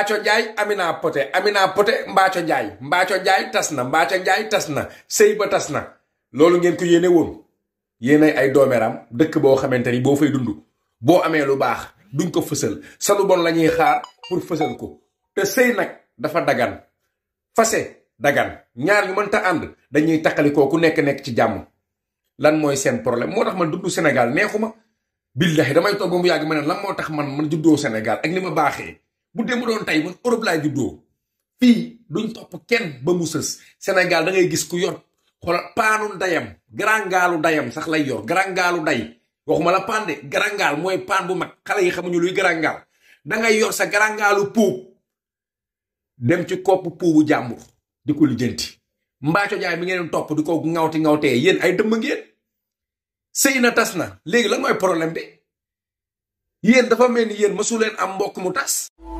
mbaaco jai, amina poté amina poté mbaaco jai, mbaaco jai tasna, na jai tasna, tas tasna, ba tasna na ngeen ko yene won yene ay domeram dekk bo xamanteni bo fay dundu bo amé lu bax duñ ko fessel sa lu bon la xaar pour fessel ko te sey nak dafa dagan fase dagan ñaar yu mënta and dañuy ko ku nek nek ci jamm lan moy sen problème motax man dundu Sénégal neexuma billahi damay toog ba mu yàgg lan motax man man juddo Sénégal ak ni ma bu dem doon tey man Europe lay juddoo fi duñ top kenn ba mu sës da ngay gis ku yor xol panu dayam galu dayam sax lay yor galu day waxuma la pande de gal moy pan bu mak xale yi xamuñu luy gal da ngay yor sa geranggalu pou dem ci kopp jamur jàmbur di ko lijeenti mbaaco jaay mi ngeen top di ko ngawti ngawte yeen ay dem ngeen seyna tasna legui lan problème be yeen dafa melni yeen am mbokk mu tass